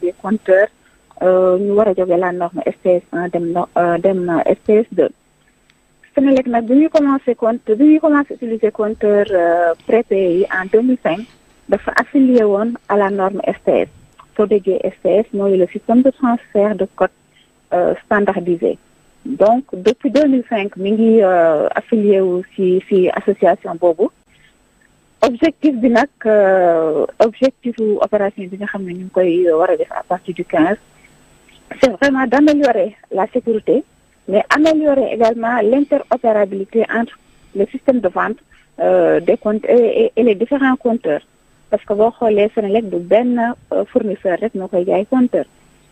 des compteurs euh, ñu war a jóge la norme SPS1 dem euh, dem SPS2 Senelec nag bi ñuy commencé compte bi ñuy commencé utiliser compteur euh, prépayé yi en 2005 dafa affilié woon à la norme SPS soo déggee SPS mooy le système de transfert de code standardisé donc depuis 2005 mi ngi affilié wu ci ci association boobu objectif bi nag euh, objectif opération bi nga xam ne ñu ngi koy war a def à partir du quinze c'est vraiment d'améliorer la sécurité mais améliorer également l'interopérabilité entre le système de vente euh, des comptes et, et, et les parce que boo xoolee Senelec du benn euh, fournisseur rek moo koy jaay compteur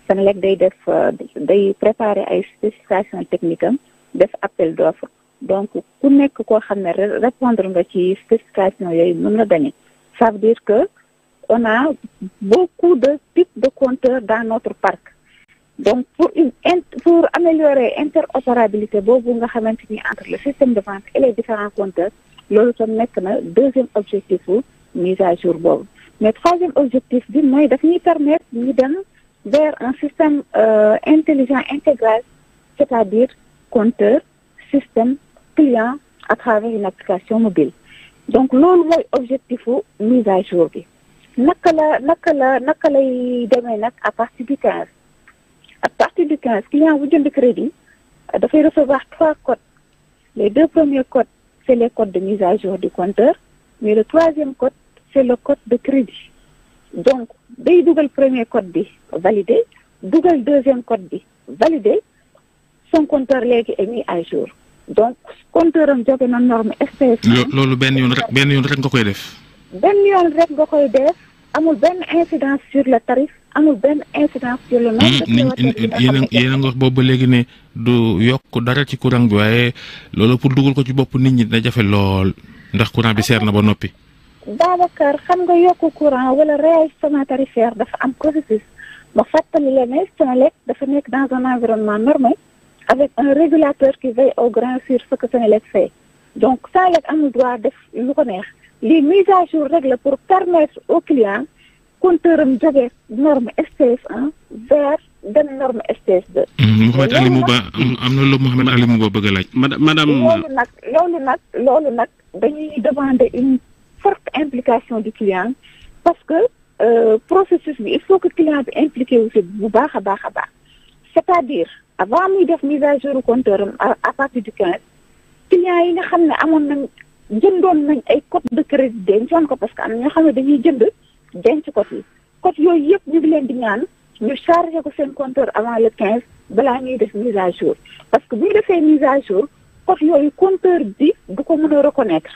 Senelec day def euh, day préparer ay spécifications techniques am def appel d'offres donc ku nekk koo xam ne répondre nga ci spécification yooyu mën nga gagner ça veut dire que on a beaucoup de types de compteurs dans notre parc donc pour une pour améliorer interopérabilité boobu nga xamante ni entre le système de vente et les différents compteurs loolu tam nekk na deuxième objectif bu mise à jour boobu mais troisième objectif bi mooy dafa ñuy permettre ñu dem vers un système euh, intelligent intégré c'est-à-dire conteur système client à travers une application mobile donc loolu mooy objectifu mise à jour bi naka la naka la naka lay deme nag à partir du quinze à partir du quinze client bu jënd crédit dafay recevoir trois codes les deux premiers codes c'est les codes de mise à jour du compteur mais le troisième code c'est le code de crédit donc day dugal premier code bi validé dugal deuxième code bi validé son compteur léegi et mis à jour donc compteur am jóge na norme STS. loolu benn yoon rek benn yoon rek nga koy def. benn yoon rek nga koy def amul benn incidence sur le tarif amul benn incidence sur le nombre. Hmm, yéen a nga wax boobu ba léegi ne du yokk dara ci courant bi waaye loolu pour dugal ko ci bopp nit ñi dina jafe lool ndax courant bi seer na ba noppi. Babacar nga yokku am processus ma fàttali la ne Senelec dafa nekk dans un environnement normal. avec un régulateur qui veille au grain sur ce que Senelec fait donc Senelec amul droit def lu ko neex lii mise à jour rek pour permettre au client compteur am jógee norme STS 1 vers dem norme STS 2. Mm, Mouhamed Ali Mouba am na a laaj. madame loolu nag loolu nag loolu nag dañuy demander une forte implication du client parce que euh, processus bi il faut que client bi impliqué wu bu baax a baax a baax cest dire avant muy def mise à jour compteur am à partir du 15 clients yi nga xam ne amoon nañ jëndoon nañ ay code de crédit dencoon ko parce que am na ñoo xam ne dañuy jënd denc code yi code yooyu yëpp ñu ngi leen di ñaan ñu chargé ko seen compteur avant le 15 balaa ñuy def mise à jour parce que bu ñu defee mise à jour code yooyu compteur bi du ko mën a reconnaître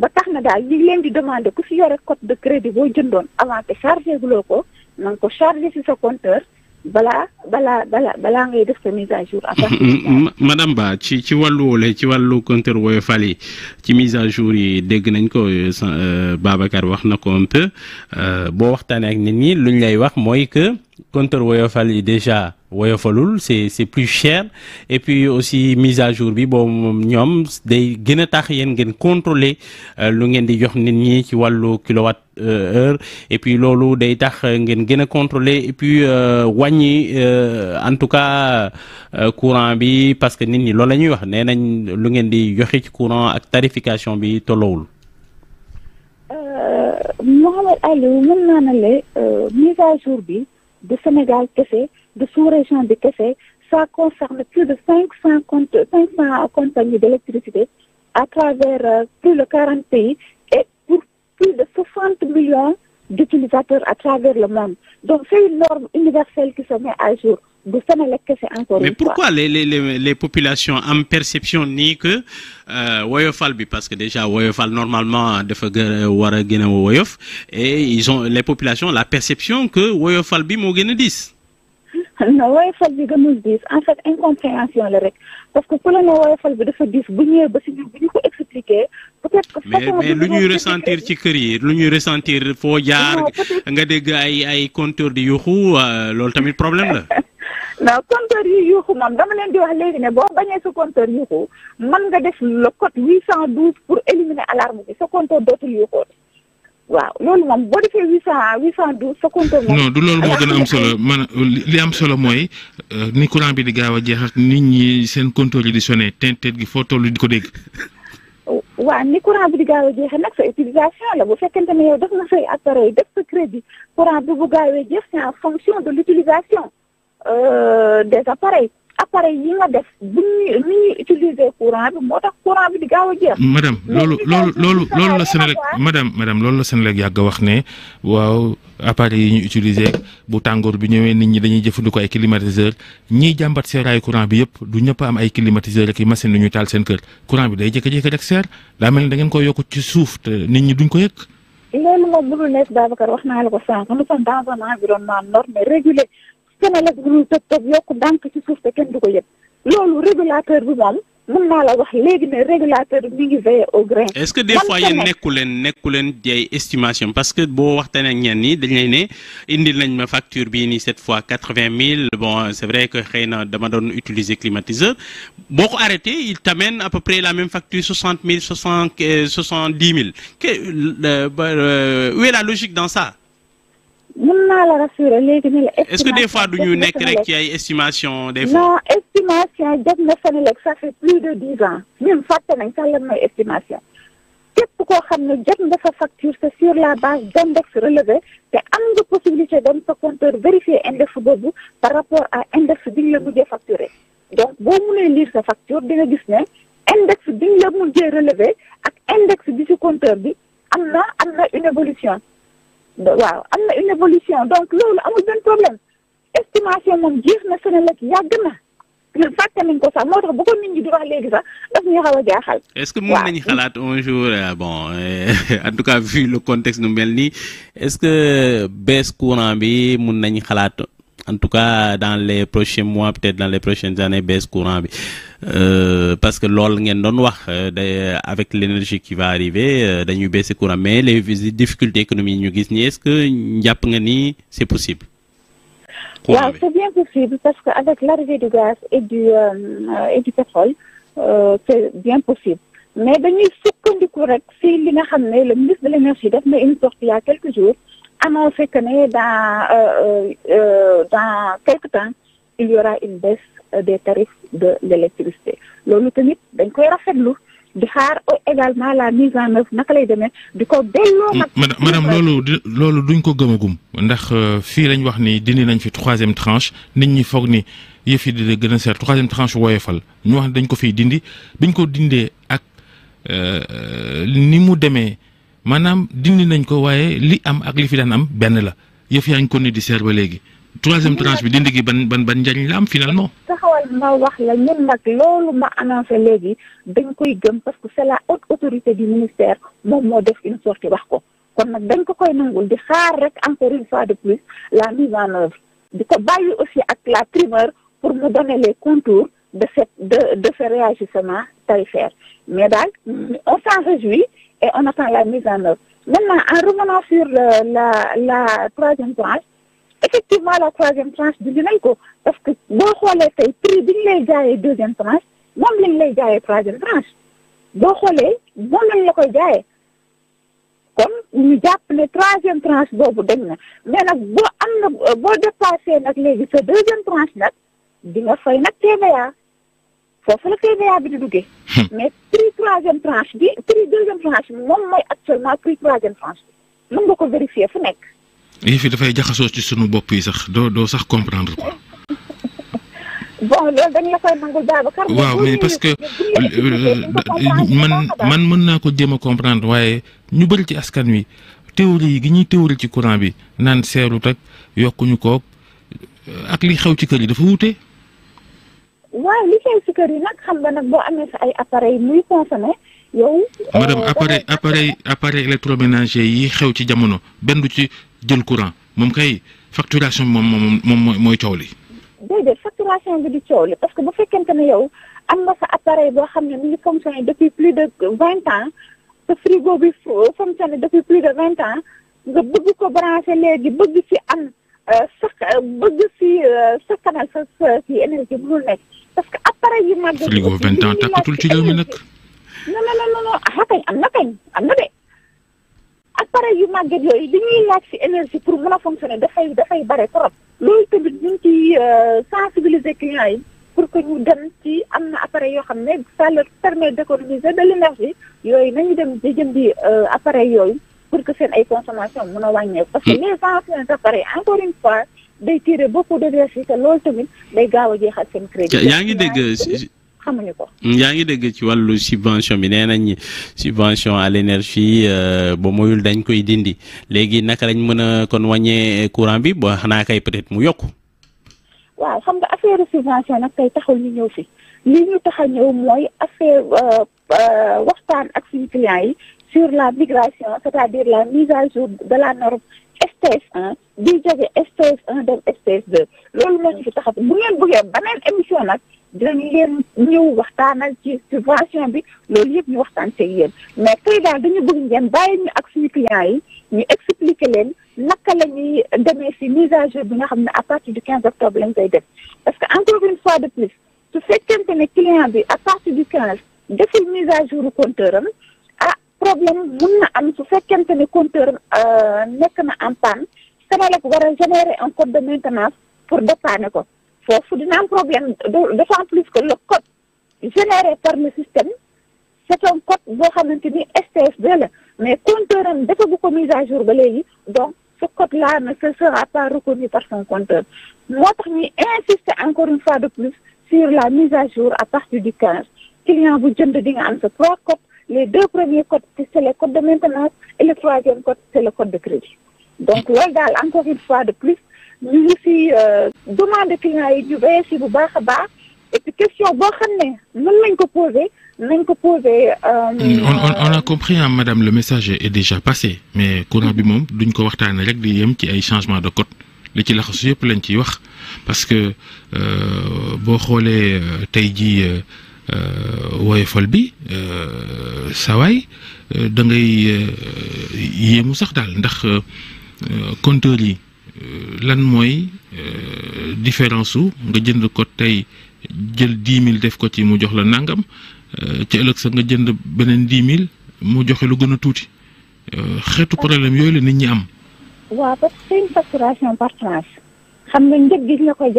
ba tax na daal ñu ngi leen di demander ku fi yore code de crédit boo jëndoon avant te chargé guloo ko na nga ko chargé ci balaa balaa ngay def sa mise à jour. à partir Ba ci ci wàllu ci wàllu compteur Woyofal ci mise à jour yi dégg nañ ko euh, euh, Babacar wax na ko un peu euh, boo waxtaanee ak nit ñi luñ lay wax mooy que. compteur woyofal yi déjà woyofalul c'est c'est plus cher et aussi mise à jour bi boo moom ñoom day gën a tax yéen ngeen contrôler euh, lu ngeen di jox nit ñi ci wàllu kilowatt euh, heure et puis loolu day tax ngeen gën a contrôler et puis euh, wàññi en tout cas courant bi parce que nit ñi loolu la ñuy wax nee nañ lu ngeen di joxe ci courant ak tarification bi tolloowul. Mouhamed Aliou mën naa ne mise à jour bi. de Sénégal kese du sous-région bi kese ça concerne plus de cinq cent compte cinq cent compagnies d'électricité à travers euh, plus de quarante pays et pour plus de soixante millions d'utilisateurs à travers le monde. Donc c'est une norme universelle qui se met à jour. bu Senelec kese encore mais pourquoi les les les les populations am perception nii que euh, woyofal bi parce que déjà woyofal normalement dafa gën a war a gën a woyof et ils ont les populations la perception que woyofal bi moo gën a diis. woyofal bi gënul diis en fait incompréhension la rek expliquer. peut-être que mais mais lu ñuy ressentir ci kër yi lu ñuy ressentir foo jaar. nga dégg ay ay compteur di yuuxu euh, loolu tamit problème la. non compteur yi yuuxu moom dama leen di wax léegi ne boo bañee sa compteur yuuxu mën nga def le code 812 pour éliminer alarme bi sa compteur dootul yuuxoo. waaw loolu moom boo defee huit cent huit cent douze sa compteur moom. du loolu moo a am solo man am solo mooy euh, ni bi di gaaw a jeex nit ñi seen compteur yi di sonné tintet gi foo toll di ko dégg. waaw ni courant bi di gaaw a jeexee nag sa utilisation la bu fekkente ne yow def na say appareil def sa crédit courant bi bu gaawee jeex c'est en fonction de l'utilisation euh, des appareils appareil yi nga def bu ñuy ñuy utiliser courant bi moo tax courant bi di gaaw a jeex. madame loolu loolu loolu loolu la Senelec madame madame loolu la Senelec yàgg wax ne waaw appareil yi ñu utiliser bu tàngoor bi ñëwee nit ñi dañuy jëfandikoo ay climatiseur ñiy jàmbat seeraayu courant bi yëpp du ñëpp am ay climatiseur ak i machine yu ñuy taal seen kër courant bi day jékki-jékki rek seer daa mel ni da ko koy ci suuf te nit ñi duñ ko yëg. loolu moom bu dul Senelec bu ñuy tëb tëb yokku ndànk ci suuf te kenn du ko yëg loolu régulateur bi moom mën naa la wax léegi ne régulateur bi mi ngi veiller au grain. est-ce que des fois yéen nekku leen nekku leen jay estimation parce que boo waxtaanee ak ñenn ñi dañ ne indi nañ ma facture bii nii cette fois quatre-vingt mille bon c'est vrai que xëy na dama doon utiliser climatiseur boo ko arrêté il t'amène à peu près la même facture soixante mille soixante euh, soixante-dix mille que euh, euh, où la logique dans ça. mën naa la rassurer léegi ni la. est-ce que des fois du ñu nekk rek estimation des fois. non estimation jot sa Senelec ça fait plus de dix ans ñun fàtte nañ sax lan mooy estimation képp koo xam ne jot nga sa facture c'est sur la base d'index relevé te am nga possibilité dem sa compteur vérifier index boobu par rapport à index bi ñu la mujjee facturé donc boo mënee lire sa facture di gis ne index bi ñu la mujjee relevé ak index bi ci compteur bi am na am na une évolution. waaw am na une évolution donc loolu amul benn problème estimation moom jeex na Senelec yàgg na fàtte nañ ko sax moo tax bu ko nit ñi di wax léegi sax daf ñu xaw a jaaxal. est-ce que mën nañu xalaat un jour euh, bon euh, en tout cas vu le contexte nu mel nii est-ce que baisse courant bi mën nañu xalaat en tout cas dans les prochains mois peut-être dans les prochaines années baisse courant bi euh, parce que loolu ngeen doon wax euh, day avec l'énergie qui va arriver euh, dañuy baisser courant mais les difficultés économiques ñu gis ni est-ce que njàpp nga ni c'est possible waaw c'est bien possible parce que avec l'arrivée du gaz et du pétrole c'est bien possible mais dañuy sukkandiku rek si li nga xam ne le ministre de l'énergie def na une sortie il y a annoncé que ne dans euh, euh, euh quelque temps il y une baisse euh, des tarifs de l'électricité loolu tamit dañ koy rafetlu di xaar également la mise en œuvre naka lay demee di ko delloo nag. madame loolu loolu duñ ko gëmagum. ndax fii lañ wax ni dindi nañ fi troisième tranche nit ñi foog ni yëf yi di gën a seer troisième tranche woyofal ñu wax ne dañ ko fiy dindi biñ ko dindee ak ni mu demee. maanaam dindi nañ ko waaye li am ak li fi daan am benn la yëf yaa ngi ko ni di seer ba léegi troisième tranche bi dindi gi ban ban ban njariñ la am finalement. taxawal ma wax la ñun nag loolu ma annoncé léegi dañ koy gëm parce que c'est la haute autorité du ministère moom moo def une sortie wax ko kon nag dañ ko koy nangul di xaar rek encore une fois de plus la mise en œuvre di ko bàyyi aussi ak la primeur pour mu donner les contours de cette de de ce réagissement tarifaire mais daal on et on attend la mise en œuvre. Maintenant, en revenant sur le, euh, la la troisième tranche effectivement la troisième tranche dindi nañ ko parce que boo xoolee tey prix bi ñu lay jaayee deuxième tranche moom lañ lay jaayee troisième boo xoolee moom lañ la koy jaayee kon ñu jàpp ne troisième tranche boobu dañ na mais nag boo am na boo dépassé nag léegi sa deuxième tranche nag di fay nag TVA foofu la TVA bi di duggee. Hmm. mais prix troisième tranche bi prix deuxième tranche bi moom mooy actuellement prix troisième tranche bi mën nga ko vérifier fu nekk. yii fi dafay jaxasoo ci sunu bopp yi sax doo doo sax comprendre quoi. bon loolu dañ la koy nangul Babacar. waaw mais parce que euh, euh, man man mën naa ko jéem a comprendre waaye ñu bëri ci askan wi théorie gi ñuy théorie ci courant bi naan seerut ak yokkuñu koog ak li xew ci kër yi dafa wuute. waaw liggéey si kër yi nag xam nga nag boo amee sa ay appareil muy consommé yow. madame appareil appareil appareil yi xew ci jamono benn du ci jël courant moom kay facturation bi moom moom mooy coow li. déedéet facturation bi di coow li parce que ba fekkente ne yow am nga sa appareil boo xam ne mi ngi fonctionné depuis plus de vingt ans sa frigo bi fonctionné depuis plus de vingt ans nga bëgg ko branché léegi bëgg ci am. sax bëgg si sakkanal sa si énergie bu nekk parce que appareil yu mag. frigo vingt am na kañ am na de appareil yu màgget yooyu li ñuy laaj si énergie pour mën a fonctionner dafay dafay bare trop. loolu tamit ñu ngi ciy sensibiliser clients yi pour que ñu dem ci am na appareil yoo xam ne ça leur permet d'économiser de l'énergie yooyu nañu dem di jëndi appareil yooyu. pour que seen ay consommation mun a wàññeeku. parce que hmm. les pensions appareil encore une fois day tirer beaucoup de vertu te loolu tamit day gaaw a jeexal seen crédit. yaa ngi dégg xamuñu ko. Hmm, yaa ngi dégg ci wàllu subvention bi nee nañ subvention à l'énergie euh, ba moyul dañ koy dindi léegi naka lañ mën a kon wàññee courant bi ba xanaa kay peut-être mu yokku. xam nga affaire subvention nag tey taxul ñu ñëw fi li ñu tax ñëw mooy affaire euh, euh, waxtaan ak suñu clients yi sur la migration c'est-à-dire la mise à jour de la norme STS1 di jóge STS1 dem STS2 loolu moo ñu fi taxaw bu ngeen ba beneen émission nag dinañ leen ñëw waxtaanal ci subvention bi loolu yëpp ñu waxtaan seeg yéen mais tey daal dañu bëgg ngeen bàyyi ñu ak suñu clients yi ñu expliquer leen naka la ñuy demee si mise à jour bi nga xam ne à partir du 15 octobre lañ koy def parce que encore une fois de plus su fekkente ne client bi à partir du 15 deful mise à problème mun na am su fekkente ne compteur euh, nekk na en panne Senelec war a générer un code de maintenance pour dépanner ko foofu dina am problème d'autant plus que le code généré par le système c'est un code boo xamante ni STFD la mais compteur am dafa bu ko mise à jour ba léegi donc ce code là ne se sera pas reconnu par son compteur moo tax ñuy insister encore une fois de plus sur la mise à jour à partir du quinze client bu jënd di nga am sa trois codes les deux premiers codes c'est le code de maintenance et le troisième code c'est le code de crédit donc loolu daal encore une fois de plus ñu ngi si euh, demande clients yi ñu béyee bu baax a baax et question boo xam ne mën nañ ko poser nañ ko poser. Euh, on a compris ah madame le message est déjà passé mais courant bi moom duñ ko waxtaanee rek di yem ci ay changement de code li ci laxasu yëpp lañ ciy wax parce que euh, boo xoolee tey jii fol bi. sawaay euh, da ngay euh, yéemu sax daal ndax euh, compteur yi lan mooy différence su nga jënd ko tey jël dix mille def ko ci mu jox la nangam ci ëllëg sa nga jënd beneen dix mille mu joxe lu gën a tuuti xeetu problème yooyu la nit ñi am. waaw parce que c'est par tranche xam nga njëg gis nga koy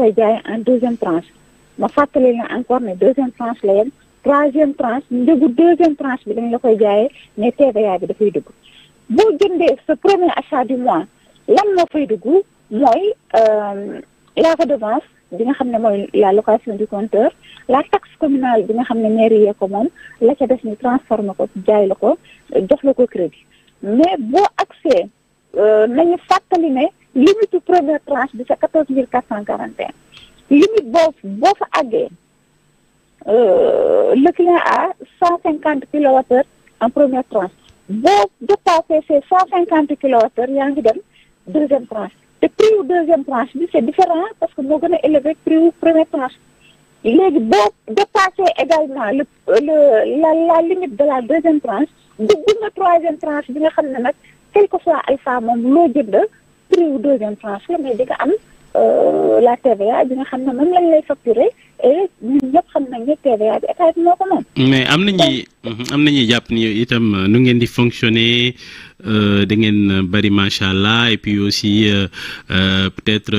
koy jaay en deuxième tranche. ma fàttali na encore ne deuxième tranche la yem troisième tranche njëgu deuxième tranche bi dañ la koy jaaye mais TVA bi dafay dugg boo jëndee sa premier achat du mois lan moo fay dugg mooy euh, la redevance bi nga xam ne mooy la location du compteur la taxe communale bi nga xam ne mairie yee ko moom la ca des ñu transformé ko jaay la ko jox la ko crédit mais boo accès euh, nañu fàttali ne limite première tranche bi sa quatorze mille quatre cent quarante et limite boo boo fa àggee euh, le client a cent cinquante kilowattheures en première tranche boo dépassé ces cent cinquante kilowattheures yaa ngi dem deuxième tranche te prix wu deuxième tranche bi se différent parce que moo gën a élevé prix wu première tranche léegi boo dépassé également le le la la limite de la deuxième tranche dugg nga troisième tranche bi nga xam ne nag quel ko soit alpha moom loo jënd prix wu deuxième tranche la mais di nga am Euh, la TVA bi nga xam ne moom lañ lay facturer et ñun ñëpp moo ko moom. mais am na ñuy am na ñuy jàpp ni itam euh, nu ngeen di fonctionner euh, dangeen bari macha allah et puis aussi peut-être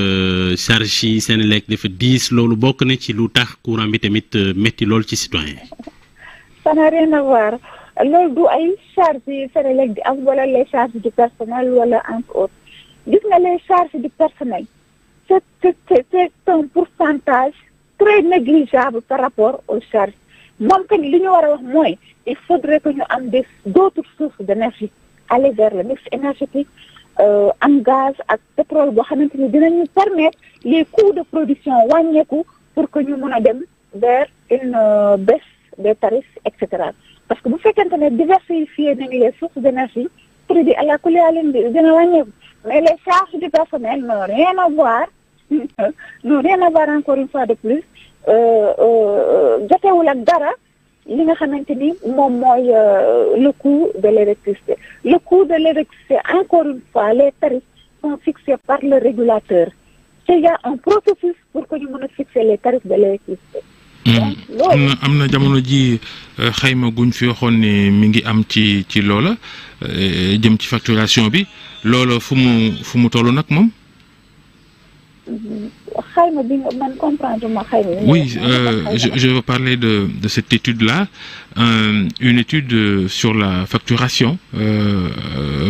charge yi dafa diis loolu bokk na ci lu tax courant bi tamit métti lool ci citoyen ça n'a rien du ay charge yi di am wala les charges du personnel wala entre autres gis nga les charges du personnel. c'est un pourcentage très négligeable par rapport aux charges moom kañ li ñu war a wax mooy il faudrait que ñu am des d'autres sources d'énergie aller vers le mix énergétique am gaz ak pétrole boo xamante ni dinañu permettre les coûts de production wàññeeku pour que ñu mun a dem vers une baisse des tarifs et cetera parce que bu fekkente ne diversifier nañu les sources d'énergie produit à la couleur leen dina wàññeeku mais les charges du personnel n'ont rien à non rien à voir encore une fois de plus euh, euh, euh, jotewul ak dara li nga xamante ni moom mooy le coût de l'électricité le coût de l'électricité encore une fois les tarifs sont fixés par le régulateur te y a un pour que ñu mën a fixer les de l'électricité am mm. na mm, am na jamono ji xayma guñ fi waxoon ni mi ngi am ci ci loola jëm ci facturation bi loola fu mu fu mu tollu nag moom xayma bi nga man comprendre ma xayma. oui euh, je je veux parler de de cette étude là euh, une étude euh, sur la facturation euh,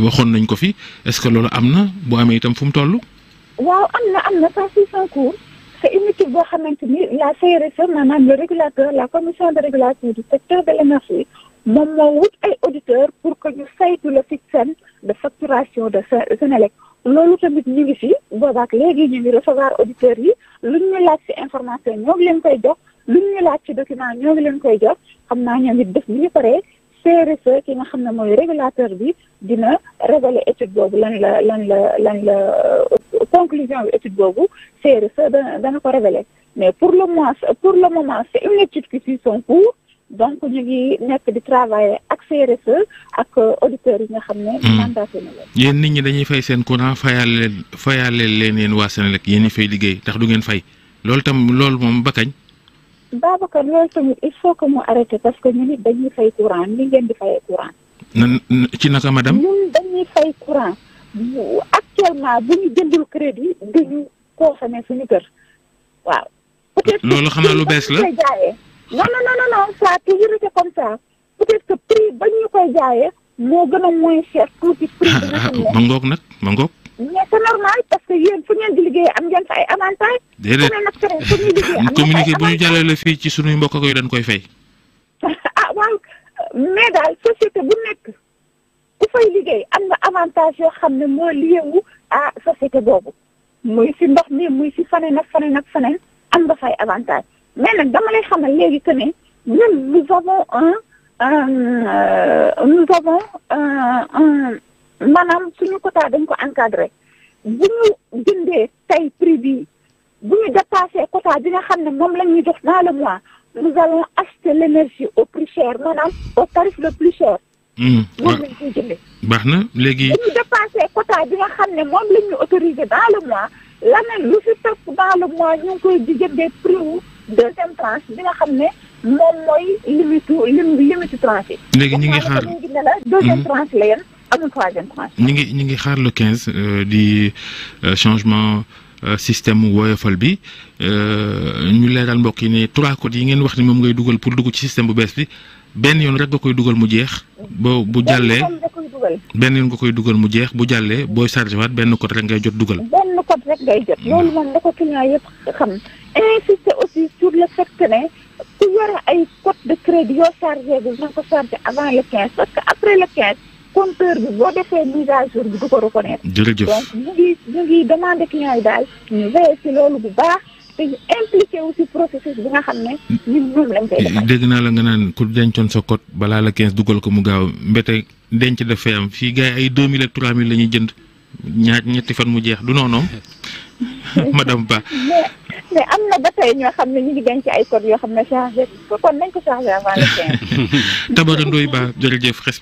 waxoon nañ ko fi est-ce que loolu am na boo amee itam fu mu toll. waaw am na am na sans suite en cours c'est une étude boo xamante ni la CRSE maanaam le régulateur la commission de régulation du secteur de l'énergie moom moo wut ay auditeurs pour que ñu saytu le système de facturation de Senelec loolu tamit ñu ngi fi boobaak léegi ñu ngi recevoir auditeurs yi lu ñu laaj ci information ñoo ngi leen koy jox lu ñu laaj ci document ñoo ngi leen koy jox xam naa ñoom it def bu ñu paree CRSE ki nga xam ne mooy régulateur bi dina révéler étude boobu lan la lan la lan la euh, conclusion bi étude boobu CRSE dana dana ko révéler mais pour le moment pour le moment c'est une étude qui suit son cours donc ñu ngi nekk di travailler ak CRSE ak auditeurs yi nga xam ne. Hmm. mandaté na leen. yéen nit ñi dañuy fay seen courant fayal leen fayal leen yéen waa Senelec ñi fay liggéey tax du ngeen fay loolu tam loolu moom ba kañ. Babacar loolu tamit il faut que mu arrêté parce que ñu nit dañuy fay courant ni ngeen di fayee courant. nan ci naka madame. ñun dañuy fay courant actuellement bu ñu jëndul crédit duñu consommer suñu kër waaw. loolu xanaa lu bees non non non non ça toujours été comme ça peut-être que prix ba ñu koy jaayee moo gën a moins cher tuuti prix bi nga xam ne ma ngoog nag ma ngoog mais c'est normal parce que yéen fu ngeen di liggéey am ngeen fa ay avantage déedéet nag feneen fu ñuy liggéey am communiqué bu ñu jàllale fii ci sunuy mbokk koy dañ koy fay ah waaw mais daal société bu nekk ku fay liggéey am nga avantage yoo xam ne moo liyewu ah société boobu muy si ndox mi muy si faneen ak faneen ak faneen am nga fay avantage mais nag dama lay xamal léegi que ne ñun nous avons un euh, nous avons un maanaam suñu quota dañ ko encadré bu ñu jëndee tey prix bii bu ñu dépassé bi nga xam ne moom la ñuy jox dans le mois nous allons acheter l'énergie au plus cher maanaam au tarif le plus cher. Hmm. moom lañ koy jëndee. baax na léegi bu ñu dépassé quota bi nga xam ne moom la autorisé dans le mois leneen lu fi topp dans le mois ñu koy di jëndee prix wu. deuxième tranche léegi ñu ngi xaar la hmm. ñu ngi ñu ngi xaar le euh, di euh, changement euh, système mu woyofal bi ñu leeral mbokk yi ne trois codes yi ngeen wax ni moom ngay dugal pour dugg ci système bu bees bi benn yoon rek nga koy dugal mu jeex. boo bu jàllee benn yoon nga koy dugal mu jeex bu jàllee booy chargé benn code rek ngay jot dugal. benn code rek ngay jot. Hmm. loolu moom da ko client yëpp xam. aussi sur le fait ne ku yore ay code de crédit yoo chargé bi na ko chargé avant le quinze parce que après le quinze compteur bi boo defee mise bi du ko reconnaître jërëjëf donc ngi ñu ngi demandé daal ñu veillé ci loolu bu baax te ñu impliqué aussi processus bi nga xam ne ñun ñoom lañ koy defal dégg naa la nga naan ku dencoon sa code balaa la quinze dugal ko mu gaaw mbete denc dafay am fii gars yi ay deux mille ak trois jënd ñaar ñetti fan mu jeex du mais am na ba tey ñoo xam ne ñu ngi denc ay code yoo xam ne changé ko kon nañ ko changé avant le 15. Tabara Ndoye Ba jërëjëf